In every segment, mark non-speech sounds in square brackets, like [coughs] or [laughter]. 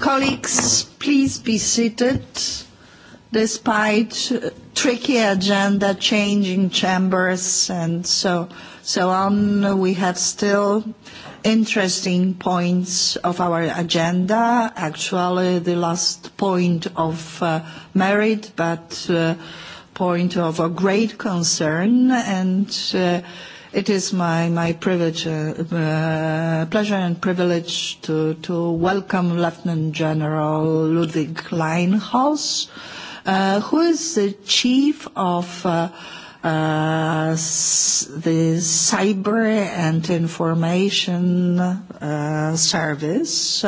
Colleagues, please be seated despite tricky agenda, changing chambers, and so, so on, we have still interesting points of our agenda. Actually, the last point of uh, merit, but uh, point of a great concern, and uh, It is my, my privilege, uh, uh, pleasure and privilege to, to welcome Lieutenant General Ludwig Leinhaus, uh, who is the chief of the cyber and information service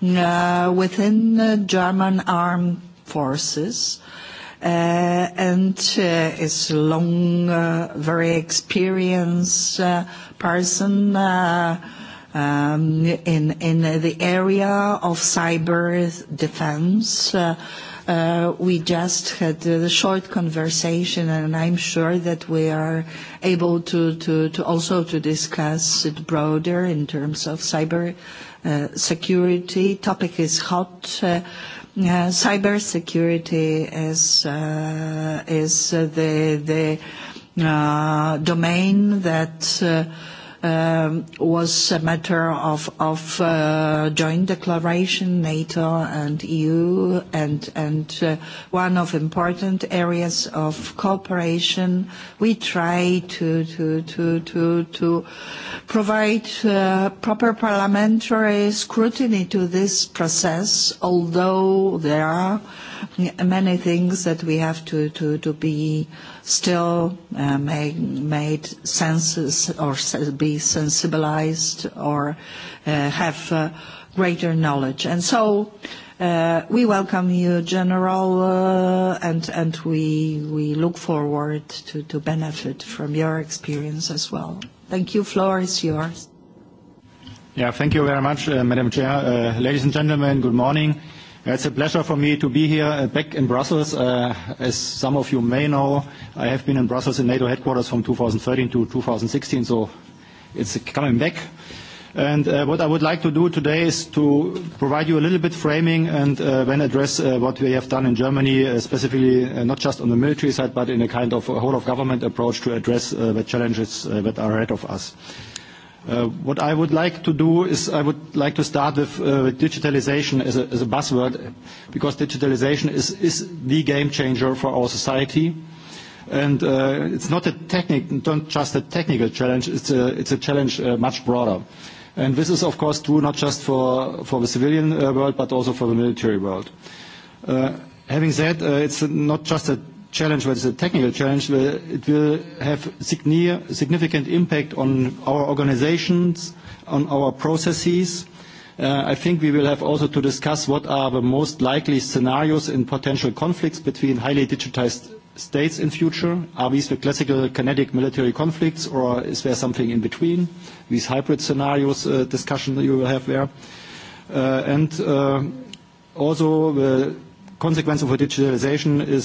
within the German armed forces. Uh, and uh, is long, very experienced uh, person um, in in the area of cyber defense. we just had a short conversation, and I'm sure that we are able to, to, also to discuss it broader in terms of cyber security. Topic is hot. Uh, cybersecurity uh, is the uh, domain that Um, was a matter of, uh, joint declaration, NATO and EU, and, uh, one of important areas of cooperation. We try to, provide uh, proper parliamentary scrutiny to this process, although there are many things that we have to, be still uh, make, made senses or be sensibilized or uh, have uh, greater knowledge. And so uh, we welcome you, General, uh, and, and we, we look forward to, to benefit from your experience as well. Thank you. Floor is yours. Yeah, thank you very much, uh, Madam Chair. Uh, ladies and gentlemen, good morning. Uh, It's a pleasure for me to be here uh, back in Brussels. Uh, as some of you may know, I have been in Brussels in NATO headquarters from 2013 to 2016, so it's coming back. Uh, what I would like to do today is to provide you a little bit framing and then address what we have done in Germany, specifically not just on the military side, but in a kind of whole of government approach to address the challenges that are ahead of us. Uh, what I would like to do is I would like to start with uh, digitalization as a, buzzword, because digitalization is, the game changer for our society. And uh, it's not just a technical challenge, it's a, challenge much broader. And this is, of course, true not just for, the civilian world, but also for the military world. having said, it's not just a challenge, whether it's a technical challenge. It will have significant impact on our organizations, on our processes. Uh, I think we will have also to discuss what are the most likely scenarios in potential conflicts between highly digitized states in future. Are these the classical kinetic military conflicts, or is there something in between? These hybrid scenarios uh, discussion that you will have there. Uh, and also the consequence of digitalization is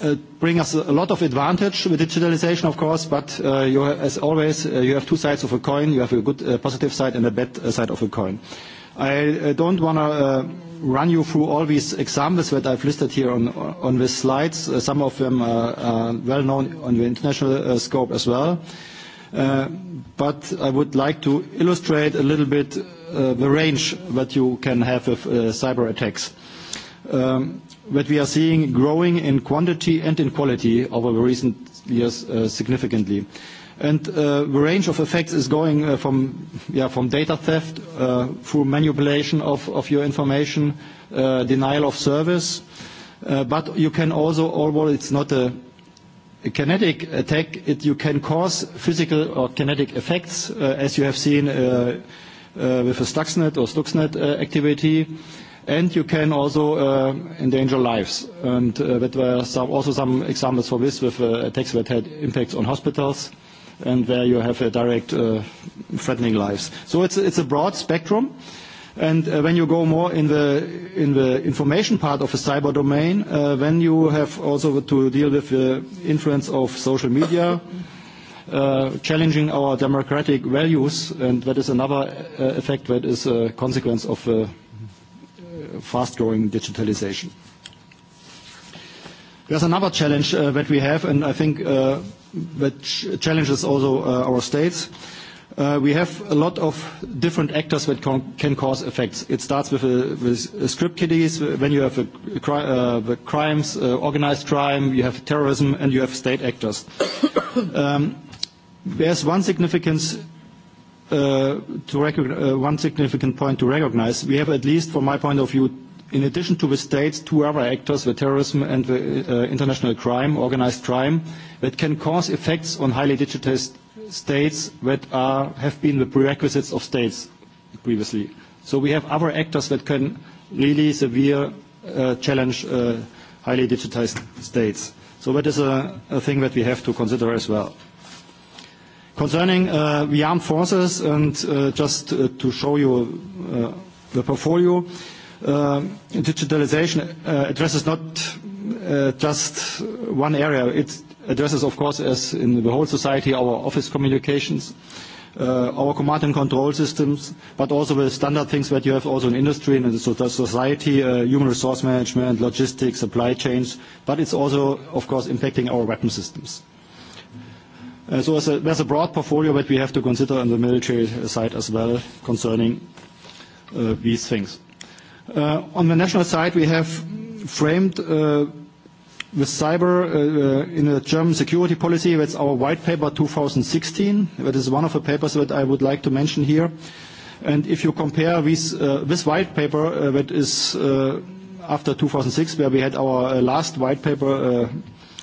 Uh, bring us a lot of advantage with digitalization, of course, but uh, as always, uh, you have two sides of a coin. You have a good positive side and a bad side of a coin. I don't want to run you through all these examples that I've listed here on, the slides. some of them are, well known on the international scope as well. but I would like to illustrate a little bit the range that you can have with cyberattacks. cyber attacks. Um, that we are seeing growing in quantity and in quality over the recent years uh, significantly. And uh, The range of effects is going uh, from, data theft through manipulation of, your information, denial of service. But you can also, although it's not a, kinetic attack, you can cause physical or kinetic effects, as you have seen with the Stuxnet or Stuxnet activity and you can also uh, endanger lives. And uh, there were some, also some examples for this with uh, attacks that had impacts on hospitals and where you have a direct uh, threatening lives. So it's, it's a broad spectrum. And uh, when you go more in the, in the information part of the cyber domain, uh, then you have also to deal with the influence of social media, Uh, challenging our democratic values, and that is another uh, effect that is a consequence of the uh, fast-growing digitalization. There's another challenge uh, that we have, and I think uh, that challenges also uh, our states. We have a lot of different actors that can cause effects. It starts with, script kiddies. When you have the crimes, organized crime, you have terrorism, and you have state actors. [coughs] Um, there's one significance Uh, uh, one significant point to recognize. We have, at least from my point of view, in addition to the states, two other actors, the terrorism and the uh, international crime, organized crime, that can cause effects on highly digitized states that have been the prerequisites of states previously. So we have other actors that can really severe challenge highly digitized states. So that is a thing that we have to consider as well. Concerning the uh, armed forces, and uh, just uh, to show you the portfolio, digitalization addresses not just one area. It addresses, of course, as in the whole society, our office communications, our command and control systems, but also the standard things that you have also in industry and in society, human resource management, logistics, supply chains, but it's also, of course, impacting our weapon systems. Uh, so there's a broad portfolio that we have to consider on the military side as well concerning uh, these things. Uh, on the national side, we have framed the cyber in the German security policy. That's our white paper 2016. That is one of the papers that I would like to mention here. And if you compare this white paper that is after 2006, where we had our last white paper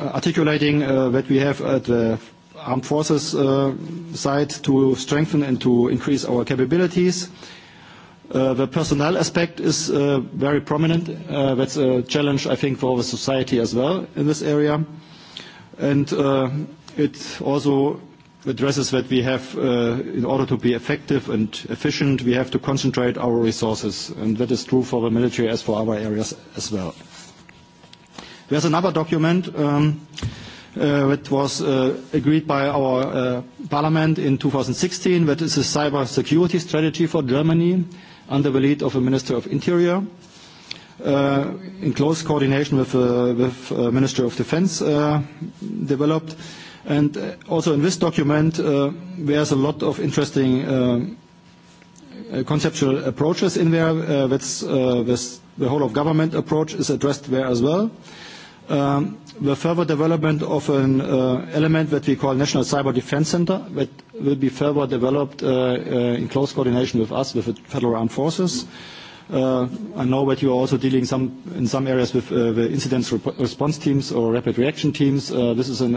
Uh, articulating uh, that we have at the armed forces uh, side to strengthen and to increase our capabilities. Uh, the personnel aspect is uh, very prominent. Uh, that's a challenge, I think, for the society as well in this area. And uh, it also addresses that we have, uh, in order to be effective and efficient, we have to concentrate our resources. And that is true for the military as for other areas as well. There's another document um, uh, that was uh, agreed by our uh, parliament in 2016 that is a cyber security strategy for Germany under the lead of the Minister of Interior. Uh, in close coordination with the uh, with uh, Minister of Defense uh, developed. And uh, also in this document, uh, there's a lot of interesting uh, uh, conceptual approaches in there. Uh, that's, uh, this, the whole of government approach is addressed there as well. Uh, um, the further development of an uh, element that we call National Cyber Defense Center that will be further developed uh, uh, in close coordination with us, with the Federal Armed Forces. Uh, I know that you are also dealing some, in some areas with uh, the incident response teams or rapid reaction teams. Uh, this is an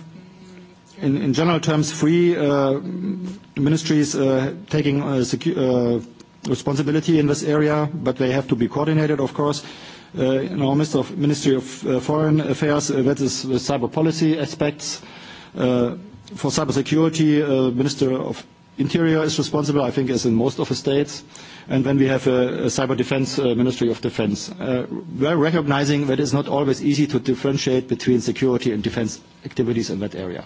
in, general terms, three uh, ministries uh, taking uh, responsibility in this area, but they have to be coordinated, of course. in our of Ministry of Foreign Affairs, that is the cyber policy aspects. for cybersecurity, Minister of Interior is responsible, I think, as in most of the states. And then we have a, cyber defense Ministry of Defense. We we're recognizing that it's not always easy to differentiate between security and defense activities in that area.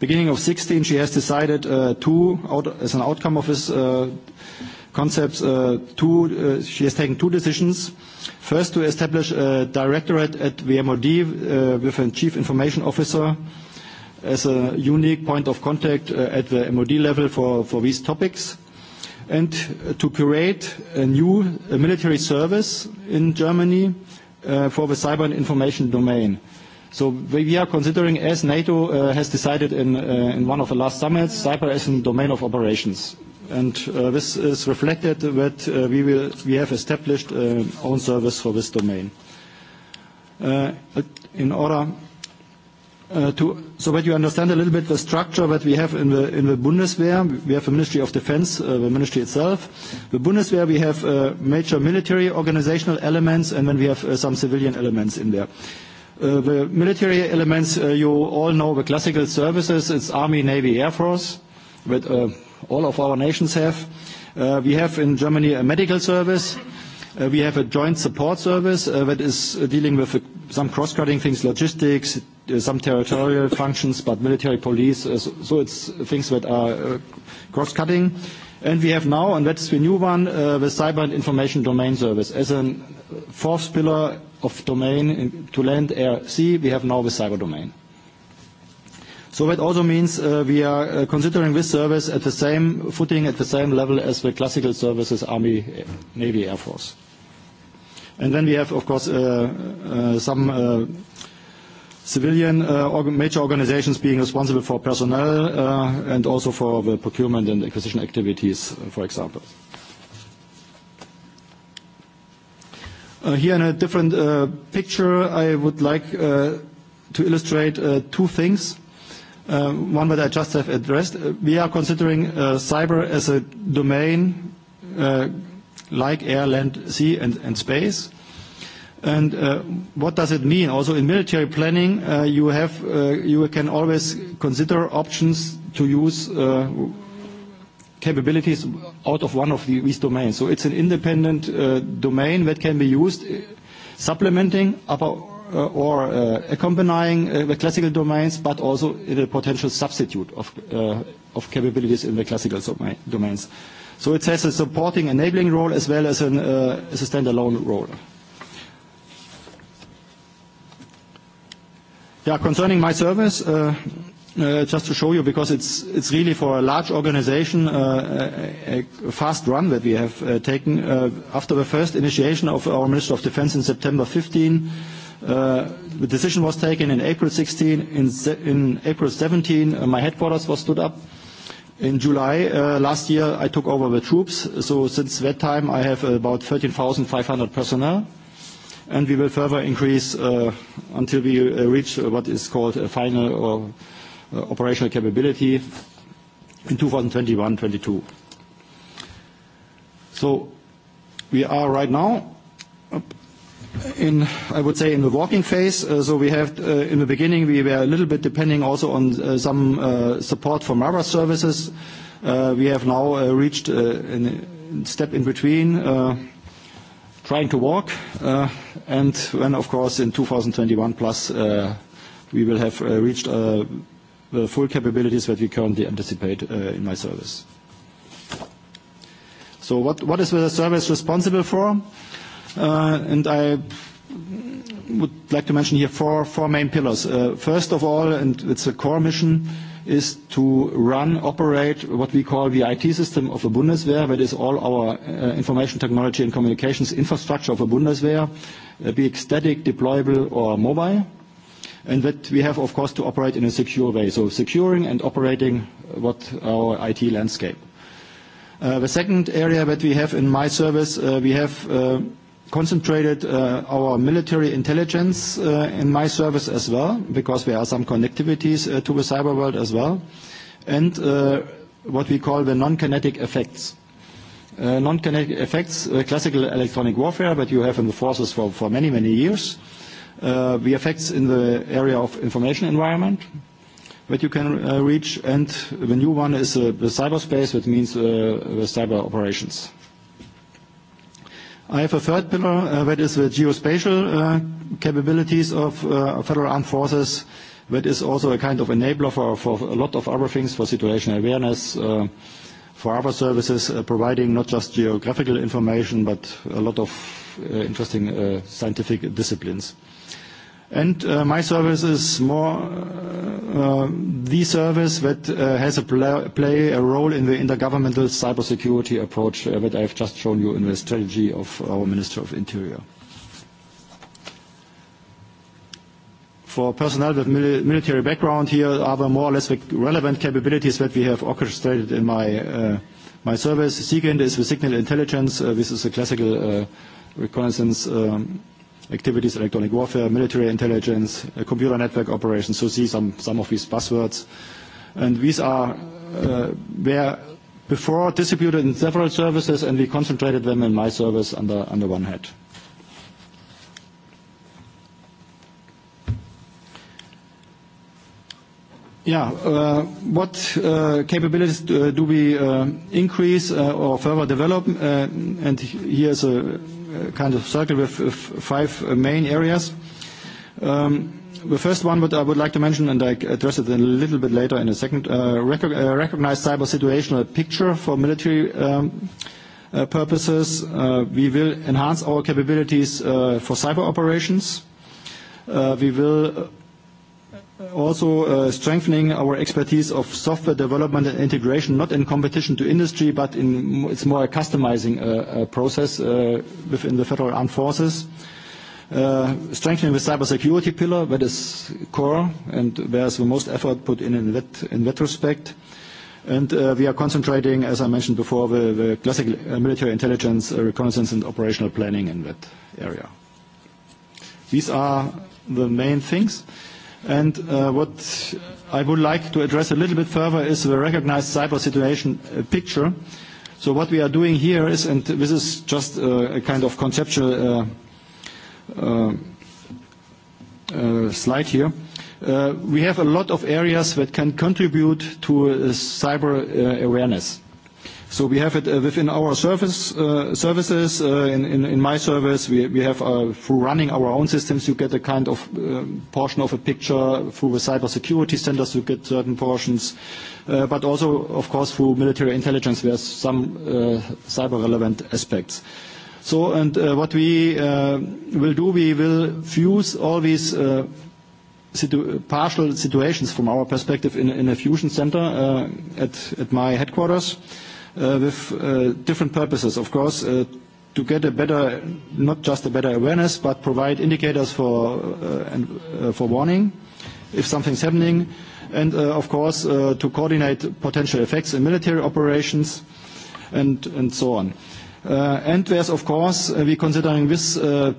Beginning of 16, she has decided uh, two, out, as an outcome of this uh, concept, uh, two, uh, she has taken two decisions. First, to establish a directorate at VMOD uh, with a chief information officer as a unique point of contact uh, at the MOD level for, for these topics. And uh, to create a new a military service in Germany uh, for the cyber and information domain. Uh, So we are considering, as NATO uh, has decided uh, in, one of the last summits, cyber as a domain of operations. And uh, this is reflected that we, will, we have established own service for this domain. Uh, in order to, so that you understand a little bit the structure that we have in the, in the Bundeswehr, we have a Ministry of Defense, the ministry itself. The Bundeswehr, we have major military organizational elements, and then we have some civilian elements in there. Uh, the military elements, uh, you all know the classical services. It's Army, Navy, Air Force, that uh, all of our nations have. we have in Germany a medical service. we have a joint support service that is dealing with some cross-cutting things, logistics, some territorial functions, but military police. so, it's things that are cross-cutting. And we have now, and that's the new one, uh, the Cyber and Information Domain Service. As a fourth pillar of domain to land, air, sea, we have now the cyber domain. So that also means uh, we are uh, considering this service at the same footing, at the same level as the classical services, Army, Navy, Air Force. And then we have, of course, some civilian uh, major organizations being responsible for personnel uh, and also for the procurement and acquisition activities, uh, for example. Uh, here in a different uh, picture, I would like uh, to illustrate uh, two things. Uh, one that I just have addressed. Uh, we are considering uh, cyber as a domain uh, like air, land, sea, and, and space. And uh, what does it mean? Also in military planning, uh, you have uh, you can always consider options to use uh, capabilities out of one of these domains. So it's an independent uh, domain that can be used, uh, supplementing upper, uh, or uh, accompanying uh, the classical domains, but also in a potential substitute of, uh, of capabilities in the classical domains. So it has a supporting, enabling role as well as, an, uh, as a standalone role. concerning my service, uh, uh, just to show you, because it's, really for a large organization, uh, a, fast run that we have taken. After the first initiation of our Minister of Defense in September 2015, the decision was taken in April 2016. In, in April 2017, my headquarters was stood up. In July last year, I took over the troops. So since that time, I have about 13,500 personnel and we will further increase uh, until we uh, reach uh, what is called a final or operational capability in 2021, 2022. So we are right now in, I would say, in the walking phase. so we have, in the beginning, we were a little bit depending also on some support from other services. We have now reached a step in between, trying to walk. Uh, and when, of course, in 2021 plus, uh, we will have uh, reached the full capabilities that we currently anticipate in my service. So what, is the service responsible for? and I would like to mention here four, main pillars. first of all, and it's a core mission, is to run, operate what we call the IT system of the Bundeswehr. That is all our uh, information technology and communications infrastructure of the Bundeswehr, uh, be it static, deployable, or mobile. And that we have, of course, to operate in a secure way. So securing and operating what our IT landscape. Uh, the second area that we have in my service, we have concentrated uh, our military intelligence uh, in my service as well, because there are some connectivities uh, to the cyber world as well, and uh, what we call the non-kinetic effects. Uh, non-kinetic effects, uh, classical electronic warfare that you have in the forces for, for many, many years. The effects in the area of information environment that you can reach, and the new one is the cyberspace, which means the cyber operations. I have a third pillar, uh, that is the geospatial uh, capabilities of uh, Federal Armed Forces. That is also a kind of enabler for, for a lot of other things, for situational awareness, uh, for other services, uh, providing not just geographical information, but a lot of uh, interesting scientific disciplines. And uh, my service is more uh, uh, the service that has a play a role in the intergovernmental cybersecurity approach that I've just shown you in the strategy of our Minister of Interior. For personnel with military background, here are the more or less the relevant capabilities that we have orchestrated in my, my service. SIGINT is the signal intelligence. This is a classical reconnaissance um, activities, electronic warfare, military intelligence, uh, computer network operations. So see are some of these buzzwords. And these are uh, where before distributed in several services, and we concentrated them in my service under, under one hat. Yeah. Uh, what uh, capabilities do, do we uh, increase uh, or further develop? Uh, and here's a kind of circle with five uh, main areas. Um, the first one, what I would like to mention, and I address it a little bit later in a second, recognize cyber situational picture for military um, purposes. We will enhance our capabilities for cyber operations. We will also uh, strengthening our expertise of software development and integration, not in competition to industry, but it's more a customizing uh, uh, process within the Federal Armed Forces. Strengthening the cybersecurity pillar, that is core, and there's the most effort put in in that, in that respect. And we are concentrating, as I mentioned before, the, classic military intelligence, reconnaissance, and operational planning in that area. These are the main things. And uh, what I would like to address a little bit further is the recognized cyber situation uh, picture. So what we are doing here is, and this is just uh, a kind of conceptual uh, uh, uh, slide here. We have a lot of areas that can contribute to cyber awareness. So we have it uh, within our uh, services. Uh, in, my service, we, have through running our own systems, you get a kind of um, portion of a picture. Through the cybersecurity centers, you get certain portions. But also, of course, through military intelligence, there's some cyber-relevant aspects. So, and what we will do, we will fuse all these partial situations from our perspective in, a fusion center at my headquarters Uh, with uh, different purposes. Of course, uh, to get a better, not just a better awareness, but provide indicators for, and, for warning if something's happening, and of course to coordinate potential effects in military operations and, and so on. there's, of course, we're considering this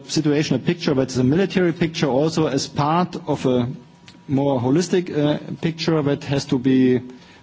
situation a picture, but it's a military picture also as part of a more holistic picture that has to be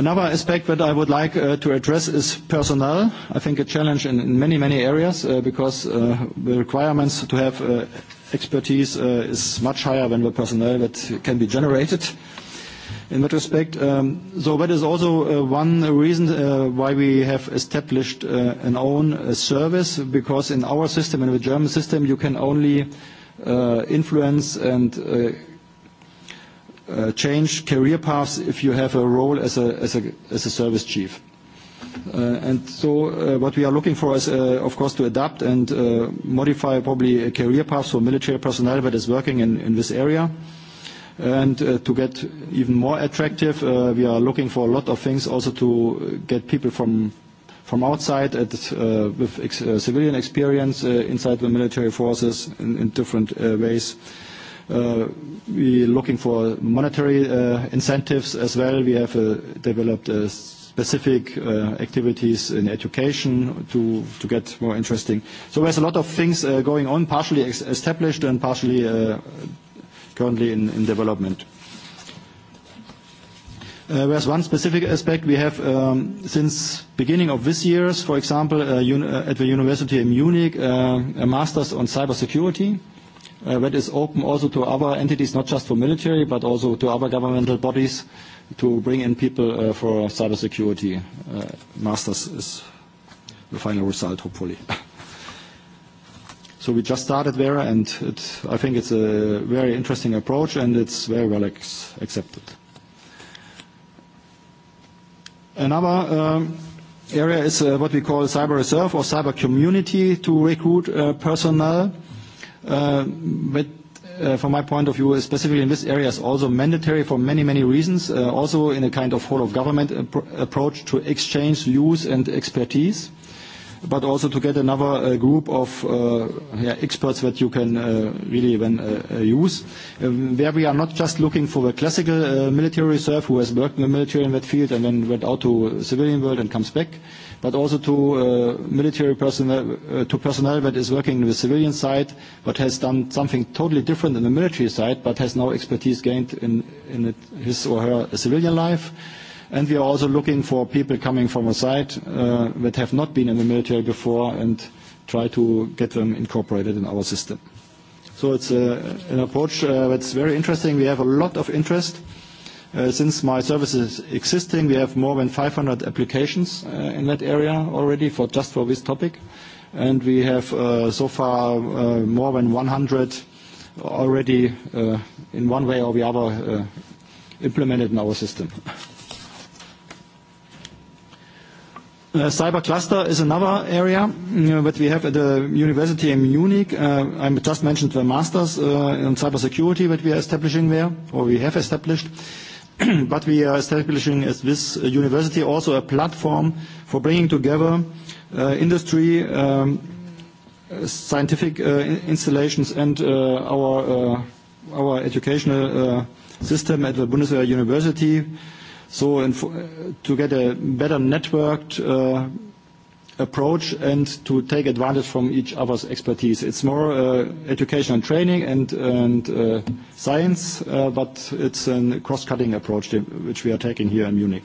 Another aspect that I would like uh, to address is personnel. I think a challenge in, many, many areas uh, because uh, the requirements to have uh, expertise uh, is much higher than the personnel that can be generated in that respect. Um, so that is also uh, one reason uh, why we have established uh, an own uh, service because in our system, in the German system, you can only uh, influence and uh, Uh, change career paths if you have a role as a, service chief. Uh, and so uh, what we are looking for is, of course, to adapt and modify probably a career path for military personnel that is working in, this area. And to get even more attractive, we are looking for a lot of things also to get people from from outside with civilian experience inside the military forces in, different ways. Uh, we're looking for monetary uh, incentives as well. We have uh, developed specific activities in education to, to get more interesting. So there's a lot of things going on, partially established and partially currently in, development. there's one specific aspect we have um, since beginning of this year, for example, at the university in Munich, a master's on cybersecurity. Uh, that is open also to other entities, not just for military, but also to other governmental bodies to bring in people uh, for cybersecurity. Uh, masters is the final result, hopefully. [laughs] we just started there, and I think it's a very interesting approach, and it's very well accepted. Another um, area is what we call cyber reserve or cyber community to recruit personnel. Uh, but uh, from my point of view, specifically in this area, is also mandatory for many, many reasons, uh, also in a kind of whole of government approach to exchange, use, and expertise but also to get another uh, group of uh, yeah, experts that you can uh, really then use. Um, where we are not just looking for the classical military reserve who has worked in the military in that field and then went out to the civilian world and comes back, but also to military personnel, to personnel that is working in the civilian side, but has done something totally different in the military side, but has now expertise gained in, in his or her civilian life. And we are also looking for people coming from a side uh, that have not been in the military before and try to get them incorporated in our system. So it's uh, an approach uh, that's very interesting. We have a lot of interest. Uh, since my service is existing, we have more than 500 applications uh, in that area already for just for this topic. And we have uh, so far uh, more than 100 already uh, in one way or the other uh, implemented in our system. [laughs] Uh, cyber cluster is another area uh, that we have at the university in Munich. Uh, I just mentioned the masters uh, in cybersecurity that we are establishing there, or we have established. [clears throat] but we are establishing at this university also a platform for bringing together uh, industry, um, scientific uh, installations, and uh, our uh, our educational uh, system at the Bundeswehr University. Uh, so to get a better networked uh, approach and to take advantage from each other's expertise. It's more uh, education and training and, and uh, science, uh, but it's a cross-cutting approach which we are taking here in Munich.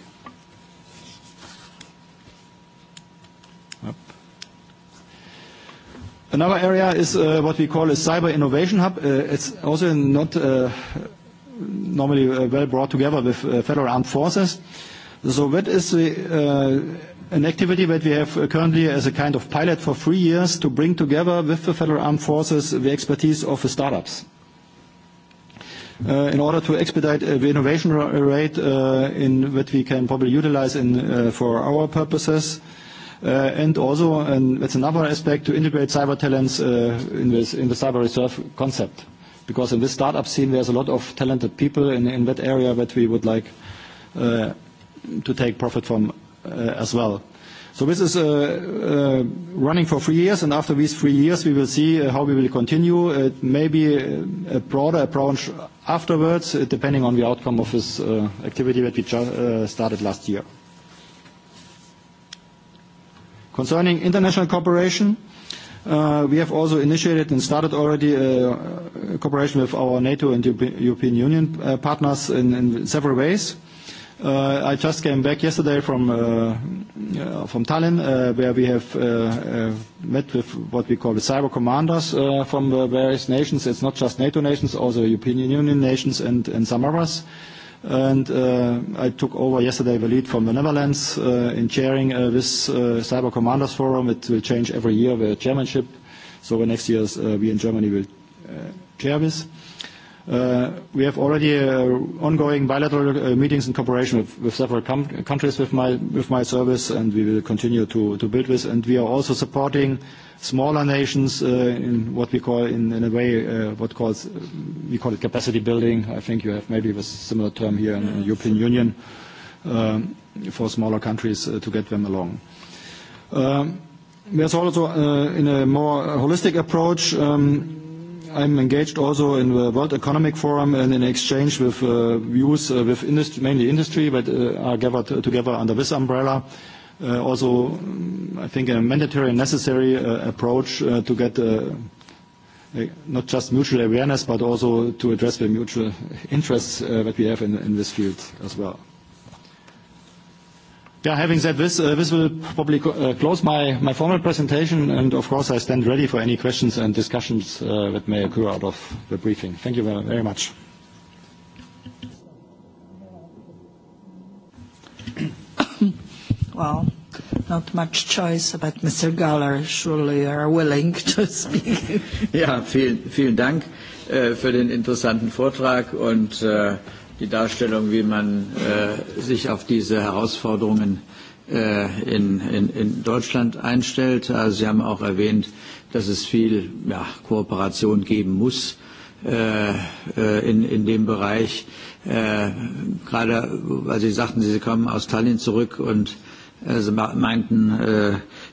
Another area is uh, what we call a cyber innovation hub. Uh, it's also not normally uh, well brought together with uh, federal armed forces. So that is the, uh, an activity that we have uh, currently as a kind of pilot for three years to bring together with the federal armed forces the expertise of the startups. Uh, in order to expedite uh, the innovation rate uh, in that we can probably utilize in, uh, for our purposes. Uh, And also, and that's another aspect, to integrate cyber talents uh, in, this, in the cyber reserve concept because in this startup scene, there's a lot of talented people in, in that area that we would like uh, to take profit from uh, as well. So this is uh, uh running for three years, and after these three years, we will see uh, how we will continue. It may be uh, a broader approach afterwards, depending on the outcome of this activity that we started last year. Concerning international cooperation, Uh, we have also initiated and started already uh, uh cooperation with our NATO and European Union uh, partners in, in several ways. Uh, I just came back yesterday from uh, uh, from Tallinn, uh, where we have uh, uh, met with what we call the cyber commanders uh, from the various nations. It's not just NATO nations, also European Union nations and, and some others and uh, I took over yesterday the lead from the Netherlands uh, in chairing uh, this uh, Cyber Commanders Forum. It will change every year, the chairmanship. So the next year, uh, we in Germany will uh, chair this. Uh, we have already uh, ongoing bilateral uh, meetings in cooperation with, with several com- countries with my, with my service, and we will continue to, to build this. And we are also supporting smaller nations uh, in what we call, in, in a way, uh, what calls, uh, we call it capacity building. I think you have maybe a similar term here in the European Union um, for smaller countries uh, to get them along. Um, there's also, uh, in a more holistic approach, um, I'm engaged also in the World Economic Forum and in exchange with uh, views uh, with industry, mainly industry, but uh, are gathered together under this umbrella. also, mm, I think a mandatory and necessary approach to get not just mutual awareness, but also to address the mutual [laughs] interests that we have in this field as well. Yeah, having said this, uh, this will probably uh, close my, formal presentation, and of course, I stand ready for any questions and discussions uh, that may occur out of the briefing. Thank you very, very much. [coughs] Well, not much choice, but Mr. Galler, surely you are willing [laughs] to speak. ja, vielen, vielen Dank äh, für den interessanten Vortrag und äh, die Darstellung, wie man äh, sich auf diese Herausforderungen äh, in, in, in Deutschland einstellt. Also Sie haben auch erwähnt, dass es viel ja, Kooperation geben muss äh, äh in, in dem Bereich. Äh, gerade, weil Sie sagten, Sie kommen aus Tallinn zurück und äh, Sie meinten, äh,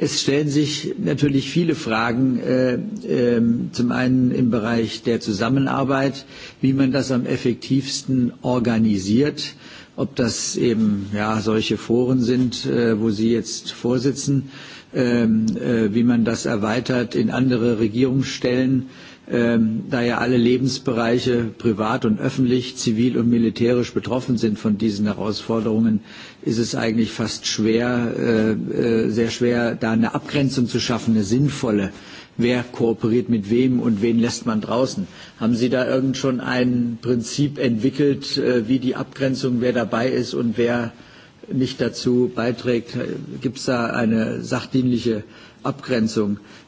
Es stellen sich natürlich viele Fragen, äh, äh, zum einen im Bereich der Zusammenarbeit, wie man das am effektivsten organisiert, ob das eben ja, solche Foren sind, äh, wo Sie jetzt vorsitzen, äh, äh, wie man das erweitert in andere Regierungsstellen, äh, ähm, da ja alle Lebensbereiche privat und öffentlich, zivil und militärisch betroffen sind von diesen Herausforderungen, ist es eigentlich fast schwer, äh, äh, sehr schwer, da eine Abgrenzung zu schaffen, eine sinnvolle. Wer kooperiert mit wem und wen lässt man draußen? Haben Sie da irgend schon ein Prinzip entwickelt, äh, wie die Abgrenzung, wer dabei ist und wer nicht dazu beiträgt? Gibt es da eine sachdienliche Abgrenzung?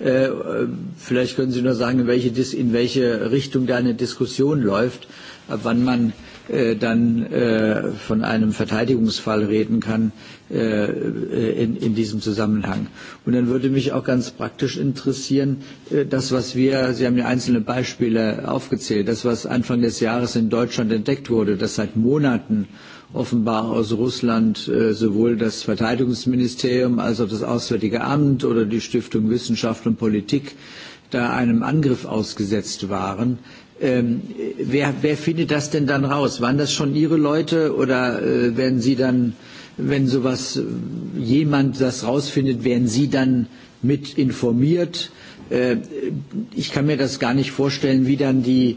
Äh, vielleicht können Sie nur sagen, in welche, in welche Richtung da eine Diskussion läuft, ab wann man äh, dann äh, von einem Verteidigungsfall reden kann in, in diesem Zusammenhang. Und dann würde mich auch ganz praktisch interessieren, das, was wir, Sie haben ja einzelne Beispiele aufgezählt, das, was Anfang des Jahres in Deutschland entdeckt wurde, das seit Monaten äh, offenbar aus Russland äh, sowohl das Verteidigungsministerium als auch das Auswärtige Amt oder die Stiftung Wissenschaft und Politik da einem Angriff ausgesetzt waren. Ähm, wer, wer findet das denn dann raus? Waren das schon Ihre Leute oder äh, werden Sie dann, wenn sowas jemand das rausfindet, werden Sie dann mit informiert? Äh, ich kann mir das gar nicht vorstellen, wie dann die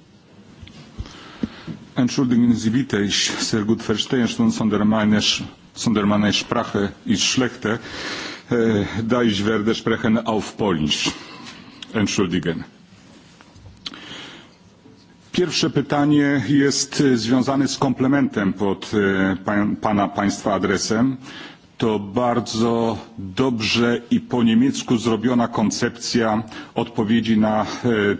entschuldigen Sie bitte, ich sehr gut verstehe schon sondern meine Sprache ist schlechter, da ich werde sprechen auf Polnisch. Entschuldigen. Pierwsze pytanie jest e, związane z komplementem pod e, pana państwa adresem. To bardzo dobrze i po niemiecku zrobiona koncepcja odpowiedzi na e,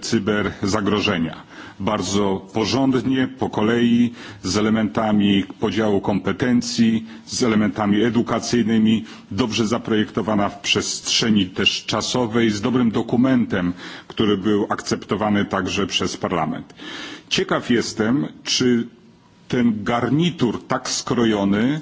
cyberzagrożenia bardzo porządnie, po kolei, z elementami podziału kompetencji, z elementami edukacyjnymi, dobrze zaprojektowana w przestrzeni też czasowej, z dobrym dokumentem, który był akceptowany także przez Parlament. Ciekaw jestem, czy ten garnitur tak skrojony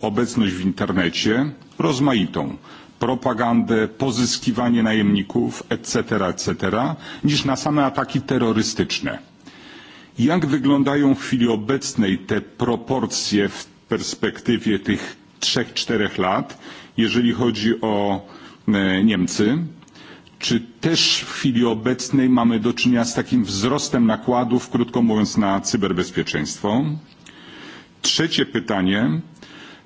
obecność w internecie rozmaitą propagandę, pozyskiwanie najemników, etc., etc., niż na same ataki terrorystyczne. Jak wyglądają w chwili obecnej te proporcje w perspektywie tych 3-4 lat, jeżeli chodzi o e, Niemcy? Czy też w chwili obecnej mamy do czynienia z takim wzrostem nakładów, krótko mówiąc, na cyberbezpieczeństwo? Trzecie pytanie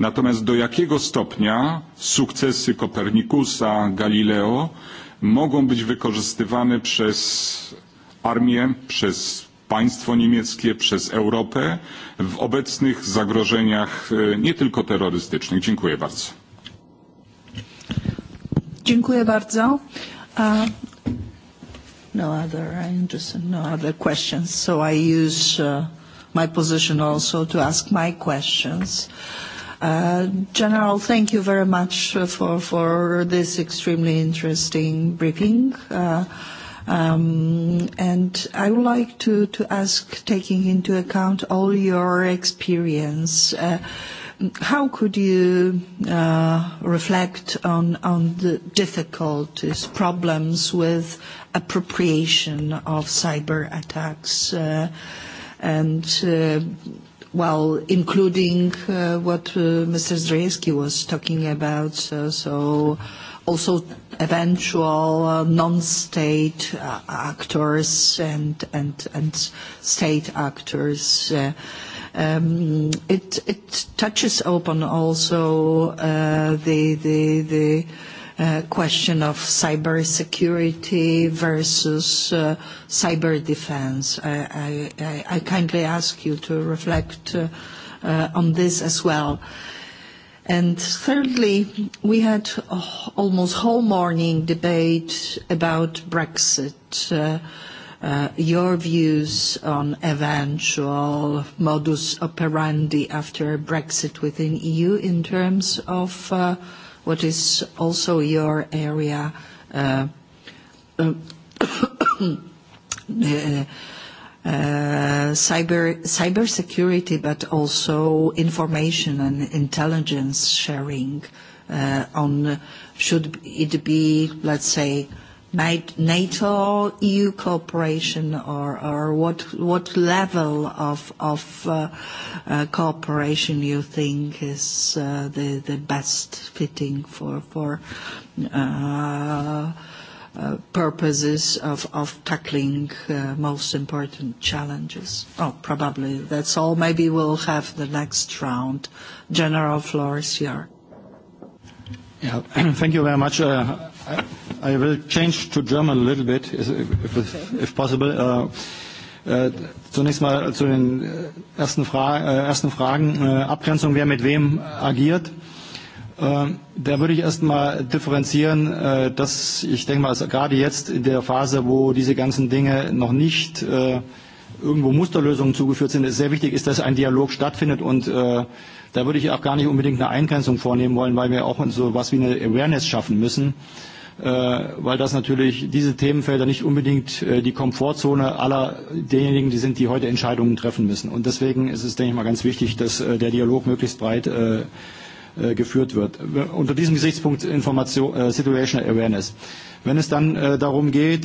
Natomiast do jakiego stopnia sukcesy Kopernikusa, Galileo mogą być wykorzystywane przez armię, przez państwo niemieckie, przez Europę w obecnych zagrożeniach e, nie tylko terrorystycznych? Dziękuję bardzo. Dziękuję bardzo. Uh... No other no other questions. So I use uh, my position also to ask my questions. Uh, Uh, General, thank you very much for, for this extremely interesting briefing. Uh, um, and I would like to, to ask, taking into account all your experience, uh, how could you uh, reflect on, on the difficulties, problems with appropriation of cyber attacks? Uh, and uh, well, including uh, what uh, Mr. Zdrojewski was talking about, so, so also eventual uh, non-state uh, actors and, and, and state actors. Uh, um, it, it touches upon also uh, the, the, the Uh, question of cybersecurity versus uh, cyber defense. I, kindly ask you to reflect uh, on this as well. And thirdly, we had a, almost whole morning debate about Brexit. your views on eventual modus operandi after Brexit within EU in terms of what is also your area, uh, uh, cyber [coughs] uh, cyber cybersecurity, but also information and intelligence sharing uh, on should it be, let's say, NATO EU cooperation or, or what, what level of, of uh, uh, cooperation you think is uh, the, the best fitting for, for uh, uh, purposes of, of tackling uh, most important challenges? Oh, probably that's all. Maybe we'll have the next round. General Flores here. Yeah. [clears throat] Thank you very much. Uh, I I will change to German a little bit, if, if possible. Uh, äh, zunächst mal zu den ersten, Fra äh, ersten Fragen. Äh, Abgrenzung, wer mit wem agiert. Äh, da würde ich erst mal differenzieren, äh, dass ich denke mal, gerade jetzt in der Phase, wo diese ganzen Dinge noch nicht äh, irgendwo Musterlösungen zugeführt sind, ist sehr wichtig ist, dass ein Dialog stattfindet und äh, da würde ich auch gar nicht unbedingt eine Eingrenzung vornehmen wollen, weil wir auch so etwas wie eine Awareness schaffen müssen. Äh, Äh, weil das natürlich diese Themenfelder nicht unbedingt äh, die Komfortzone aller derjenigen, die sind, die heute Entscheidungen treffen müssen. Und deswegen ist es, denke ich mal, ganz wichtig, dass äh, der Dialog möglichst breit geführt wird. Unter diesem Gesichtspunkt Information, Situational Awareness. Wenn es dann darum geht,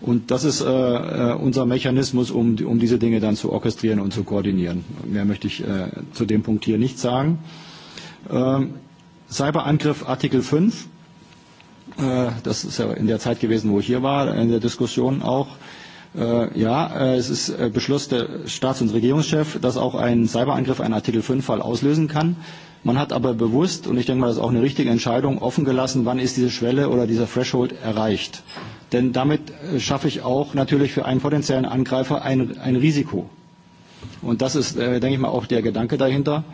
Und das ist äh, äh unser Mechanismus, um, um diese Dinge dann zu orchestrieren und zu koordinieren. Mehr möchte ich äh, zu dem Punkt hier nicht sagen. Ähm, Cyberangriff Artikel 5. Äh, das ist ja in der Zeit gewesen, wo ich hier war, in der Diskussion auch. Äh, ja, es ist Beschluss der Staats- und Regierungschef, dass auch ein Cyberangriff einen Artikel 5-Fall auslösen kann. Man hat aber bewusst, und ich denke mal, das ist auch eine richtige Entscheidung, offen gelassen, wann ist diese Schwelle oder dieser Threshold erreicht. Denn damit äh, schaffe ich auch natürlich für einen potenziellen Angreifer ein, ein Risiko. Und das ist, äh, denke ich mal, auch der Gedanke dahinter.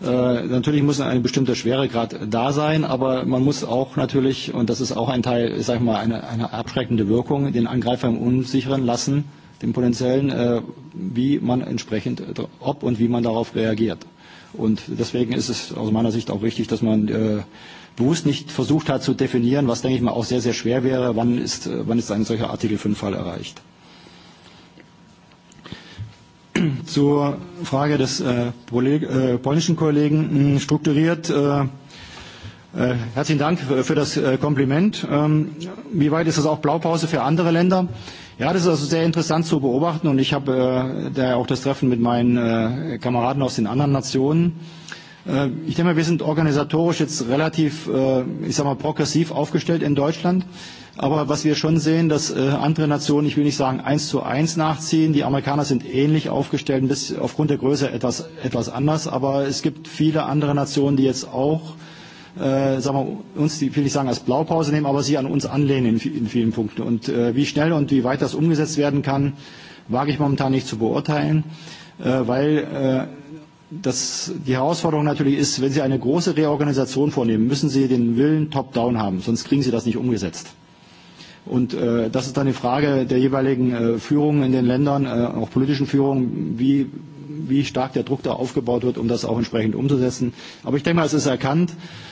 Äh, natürlich muss ein bestimmter Schweregrad da sein, aber man muss auch natürlich, und das ist auch ein Teil, ich sag mal, eine, eine abschreckende Wirkung, den Angreifer im Unsicheren lassen, den potenziellen, äh, wie man entsprechend, ob und wie man darauf reagiert. Und deswegen ist es aus meiner Sicht auch richtig, dass man äh, bewusst nicht versucht hat zu definieren, was, denke ich mal, auch sehr, sehr schwer wäre, wann ist, äh, wann ist ein solcher Artikel 5-Fall erreicht. Zur Frage des äh, äh polnischen Kollegen hm, strukturiert. Äh, äh, herzlichen Dank für das äh, Kompliment. Ähm, wie weit ist das auch Blaupause für andere Länder? Äh, ja, das ist also sehr interessant zu beobachten und ich habe äh, da auch das Treffen mit meinen äh, Kameraden aus den anderen Nationen. Äh, ich denke mal, wir sind organisatorisch jetzt relativ, äh, ich sag mal, progressiv aufgestellt in Deutschland. Aber was wir schon sehen, dass äh, andere Nationen, ich will nicht sagen eins zu eins nachziehen, die Amerikaner sind ähnlich aufgestellt, bis aufgrund der Größe etwas, etwas anders, aber es gibt viele andere Nationen, die jetzt auch äh, äh, sagen wir, uns, die will ich sagen, als Blaupause nehmen, aber sie an uns anlehnen in, in vielen Punkten. Und äh, wie schnell und wie weit das umgesetzt werden kann, wage ich momentan nicht zu beurteilen, äh, weil äh, das, die Herausforderung natürlich ist, wenn Sie eine große Reorganisation vornehmen, müssen Sie den Willen top-down haben, sonst kriegen Sie das nicht umgesetzt. Und äh, das ist dann die Frage der jeweiligen äh, Führung in den Ländern, äh, auch politischen Führung, wie, wie stark der Druck da aufgebaut wird, um das auch entsprechend umzusetzen. Aber ich denke mal, es ist erkannt, äh,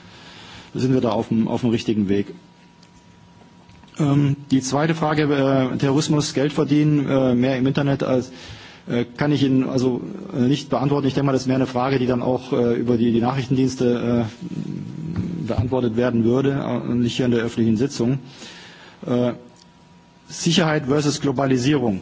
sind wir da auf dem, auf dem richtigen Weg. Ähm, die zweite Frage, äh, Terrorismus, Geld verdienen, äh, mehr im Internet als äh, kann ich Ihnen also äh, nicht beantworten. Ich denke mal, das wäre eine Frage, die dann auch äh, über die, die Nachrichtendienste äh, beantwortet werden würde, äh, nicht hier in der öffentlichen Sitzung. Äh, Sicherheit versus Globalisierung. Äh,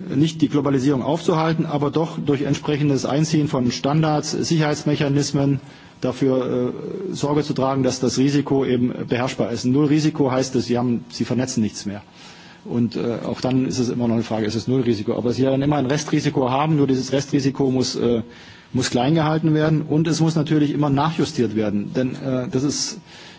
nicht die Globalisierung aufzuhalten, aber doch durch entsprechendes Einziehen von Standards, Sicherheitsmechanismen dafür äh, Sorge zu tragen, dass das Risiko eben beherrschbar ist. Null Risiko heißt es, sie, haben, sie vernetzen nichts mehr. Und äh, auch dann ist es immer noch eine Frage, ist es Nullrisiko. Aber Sie werden immer ein Restrisiko haben, nur dieses Restrisiko muss, äh, muss klein gehalten werden und es muss natürlich immer nachjustiert werden. Denn äh, das ist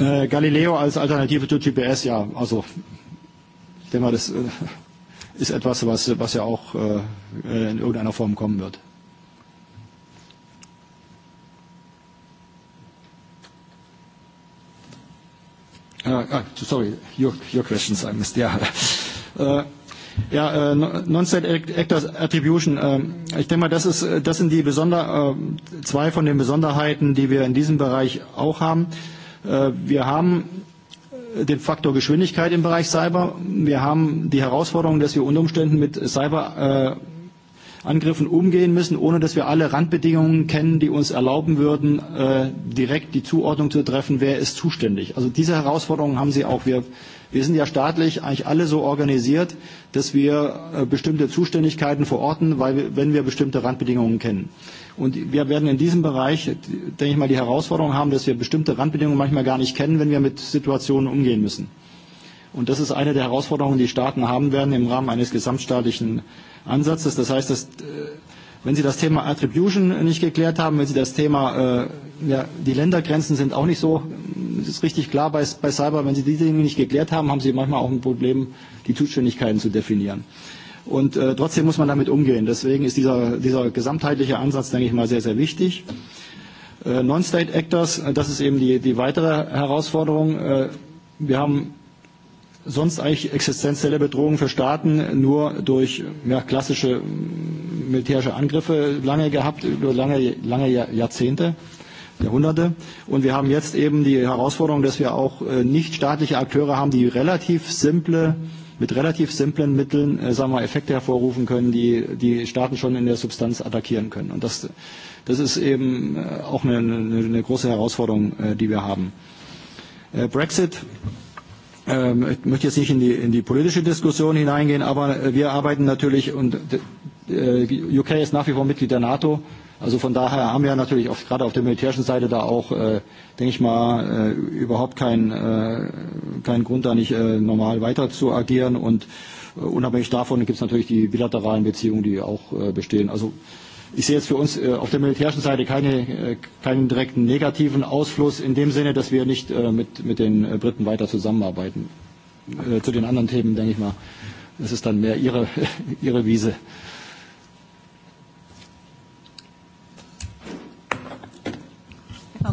Äh, Galileo als Alternative zu GPS, ja, also ich denke mal, das äh, ist etwas, was, was ja auch äh, in irgendeiner Form kommen wird. Uh, ah, sorry, your, your questions I missed. Yeah. Uh, ja, uh, Non-State Actors Attribution. uh, ich denke mal, das, ist, das sind die Besonder, äh, zwei von den Besonderheiten, die wir in diesem Bereich auch haben. Uh, Äh, wir haben den Faktor Geschwindigkeit im Bereich Cyber. Wir haben die Herausforderung, dass wir unter Umständen mit Cyberangriffen äh, umgehen müssen, ohne dass wir alle Randbedingungen kennen, die uns erlauben würden, äh, direkt die Zuordnung zu treffen, wer ist zuständig. Also diese Herausforderungen haben Sie auch. Wir, wir sind ja staatlich eigentlich alle so organisiert, dass wir bestimmte Zuständigkeiten verorten, weil wir, wenn wir bestimmte Randbedingungen kennen. Und wir werden in diesem Bereich, denke ich mal, die Herausforderung haben, dass wir bestimmte Randbedingungen manchmal gar nicht kennen, wenn wir mit Situationen umgehen müssen. Und das ist eine der Herausforderungen, die Staaten haben werden im Rahmen eines gesamtstaatlichen Ansatzes. Das heißt, dass, äh, wenn Sie das Thema Attribution nicht geklärt haben, wenn Sie das Thema, äh, ja, die Ländergrenzen sind auch nicht so, es ist richtig klar bei, bei Cyber, wenn Sie diese Dinge nicht geklärt haben, haben Sie manchmal auch ein Problem, die Zuständigkeiten zu definieren. Und äh, trotzdem muss man damit umgehen. Deswegen ist dieser, dieser gesamtheitliche Ansatz, denke ich mal, sehr, sehr wichtig. Äh, Non-State Actors, äh, das ist eben die, die weitere Herausforderung. Äh, wir haben sonst eigentlich existenzielle Bedrohungen für Staaten nur durch ja, klassische militärische Angriffe lange gehabt, über lange, lange Jahrzehnte. Jahrhunderte. Und wir haben jetzt eben die Herausforderung, dass wir auch äh, staatliche Akteure haben, die relativ simple äh, mit relativ simplen Mitteln äh, sagen wir, Effekte hervorrufen können, die die Staaten schon in der Substanz attackieren können. Und das, das ist eben äh, auch eine, eine, eine große Herausforderung, äh, die wir haben. Äh, Brexit. Ähm, ich möchte jetzt nicht in die, in die politische Diskussion hineingehen, aber äh, wir arbeiten natürlich und äh, UK ist nach wie vor Mitglied der NATO. Äh, Also von daher haben wir natürlich auch gerade auf der militärischen Seite da auch, äh, denke ich mal, äh, überhaupt keinen äh, kein Grund, da nicht äh, normal weiter zu agieren. Und äh, unabhängig davon gibt es natürlich die bilateralen Beziehungen, die auch äh, bestehen. Also ich sehe jetzt für uns äh, auf der militärischen Seite keine, äh, keinen direkten negativen Ausfluss in dem Sinne, dass wir nicht äh, mit, mit den äh, Briten weiter zusammenarbeiten. Äh, zu den anderen Themen, denke ich mal, das ist dann mehr ihre, [laughs] ihre Wiese.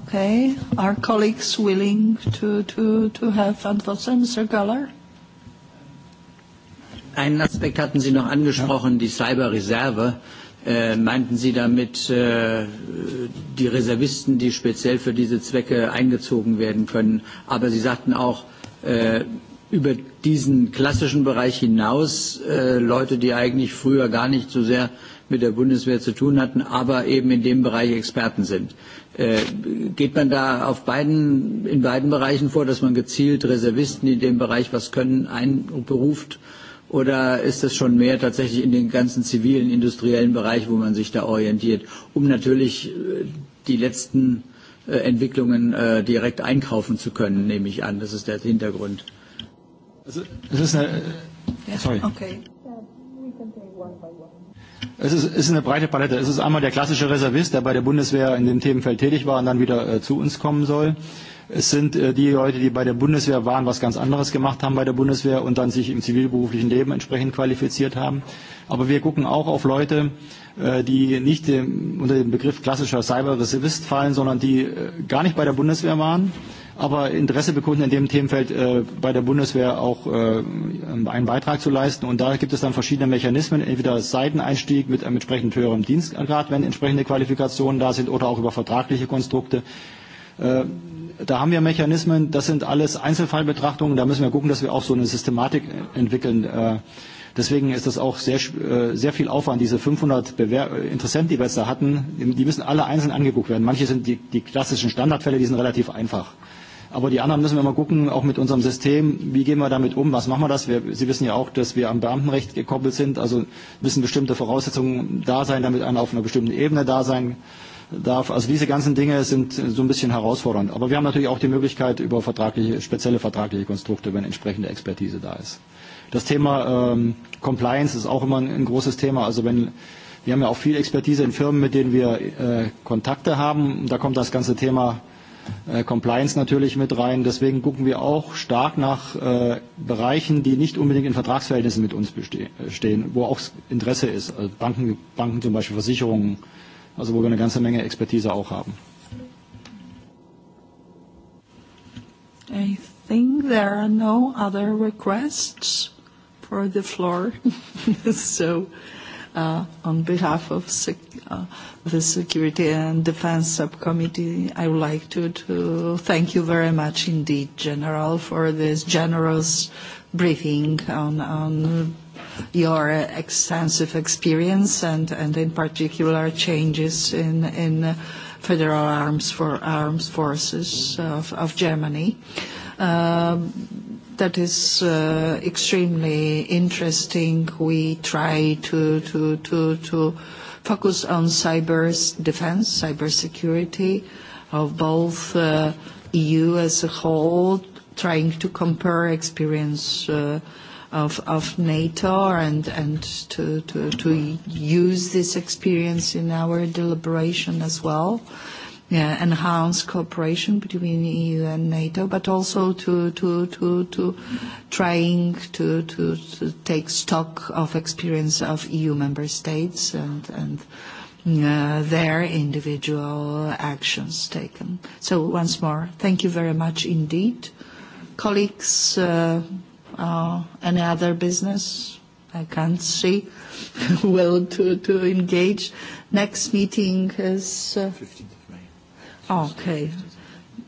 Okay. Are colleagues willing to, to, to have Antworten? Mr. Geller? Einen Aspekt hatten Sie noch angesprochen, die Cyberreserve. Äh, meinten Sie damit äh, die Reservisten, die speziell für diese Zwecke eingezogen werden können? Aber Sie sagten auch, äh, über diesen klassischen Bereich hinaus äh, Leute, die eigentlich früher gar nicht so sehr äh, mit der Bundeswehr zu tun hatten, aber eben in dem Bereich Experten sind. Äh, geht man da auf beiden, in beiden Bereichen vor, dass man gezielt Reservisten, in dem Bereich was können, einberuft? Oder ist das schon mehr tatsächlich in den ganzen zivilen, industriellen Bereich, wo man sich da orientiert, um natürlich äh, die letzten äh, Entwicklungen äh, direkt einkaufen zu können, nehme ich an. Das ist der Hintergrund. Also, das ist eine, sorry. Okay. Es ist, ist eine breite Palette. Es ist einmal der klassische Reservist, der bei der Bundeswehr in dem Themenfeld tätig war und dann wieder äh, zu uns kommen soll. Es sind äh, die Leute, die bei der Bundeswehr waren, was ganz anderes gemacht haben bei der Bundeswehr und dann sich im zivilberuflichen Leben entsprechend qualifiziert haben. Aber wir gucken auch auf Leute, äh, die nicht dem, unter den Begriff klassischer Cyber-Reservist fallen, sondern die äh, gar nicht bei der Bundeswehr waren, äh, aber Interesse bekunden, in dem Themenfeld äh, bei der Bundeswehr auch äh, einen Beitrag zu leisten. Und da gibt es dann verschiedene Mechanismen, entweder Seiteneinstieg mit einem entsprechend höherem Dienstgrad, wenn entsprechende Qualifikationen da sind, oder auch über vertragliche Konstrukte. Äh, da haben wir Mechanismen, das sind alles Einzelfallbetrachtungen, da müssen wir gucken, dass wir auch so eine Systematik entwickeln. Äh, deswegen ist das auch sehr, äh, sehr viel Aufwand. Diese 500 Bewer Interessenten, die wir jetzt da hatten, die müssen alle einzeln angeguckt werden. Manche sind die, die klassischen Standardfälle, die sind relativ einfach. Aber die anderen müssen wir mal gucken, auch mit unserem System, wie gehen wir damit um, was machen wir das? Wir, Sie wissen ja auch, dass wir am Beamtenrecht gekoppelt sind, also müssen bestimmte Voraussetzungen da sein, damit einer auf einer bestimmten Ebene da sein darf. Also diese ganzen Dinge sind so ein bisschen herausfordernd. Aber wir haben natürlich auch die Möglichkeit über vertragliche, spezielle vertragliche Konstrukte, wenn entsprechende Expertise da ist. Das Thema ähm, Compliance ist auch immer ein, ein großes Thema. Also wenn wir haben ja auch viel Expertise in Firmen, mit denen wir äh, Kontakte haben. Da kommt das ganze Thema äh, Äh, Compliance natürlich mit rein. Deswegen gucken wir auch stark nach äh, Bereichen, die nicht unbedingt in Vertragsverhältnissen mit uns äh, stehen, wo auch Interesse ist. Also Banken, Banken zum Beispiel, Versicherungen, also wo wir eine ganze Menge Expertise auch haben. I think there are no other requests for the floor. [laughs] so Uh, on behalf of sec uh, the Security and Defense Subcommittee, I would like to, to thank you very much indeed, General, for this generous briefing on, on your extensive experience and, and in particular changes in, in federal arms for arms forces of, of Germany. Um, that is uh, extremely interesting. We try to, to, to, to focus on cyber defense, cybersecurity of both uh, EU as a whole, trying to compare experience uh, of, of NATO and, and to, to, to use this experience in our deliberation as well yeah, enhance cooperation between EU and NATO, but also to to to to trying to to, to take stock of experience of EU member states and and uh, their individual actions taken. So once more, thank you very much indeed, colleagues. Uh, uh, any other business? I can't see [laughs] will to to engage. Next meeting is. Uh, 15 Okay.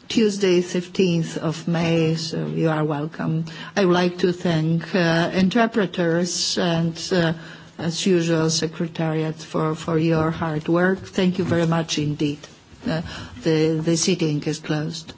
Tuesday, 15th of May, so you are welcome. I would like to thank uh, interpreters and, uh, as usual, Secretariat for, for your hard work. Thank you very much indeed. Uh, the, the sitting is closed.